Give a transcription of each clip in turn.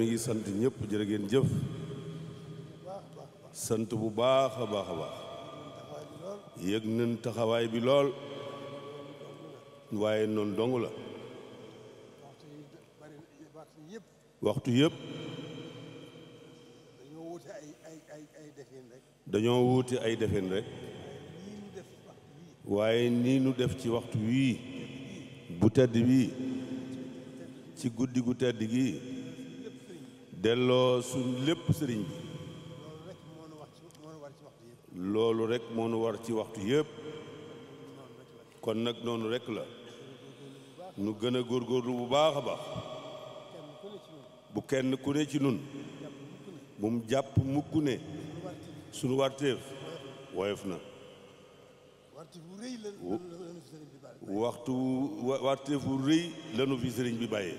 mi ngi sant ñëpp jërë ngeen jëf sant bu baax a baax a baax yëg nañ taxawaay bi lool waaye noon dong la waxtu yëpp dañoo wuute ay defeen rek waaye nii nu def ci waxtu wii bu tedd bii ci guddi gu tedd gii delloo suñ lépp sëriñ bi loolu rek moo nu war ci waxtu yépp kon nag noonu rekk la nu gën a góorlu bu baax a baax bu kenn ku ne ci nun bu mu jàpp mukk ne sunu warteef woyof na waxtu warteefu rëy lanu fi sëriñ bi bàyyee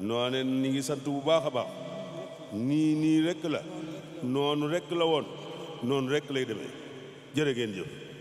noone ni ngi sant bu baax a baax nii nii rekk la noonu rekk la woon noonu rekk lay demee jërë ngeen jëf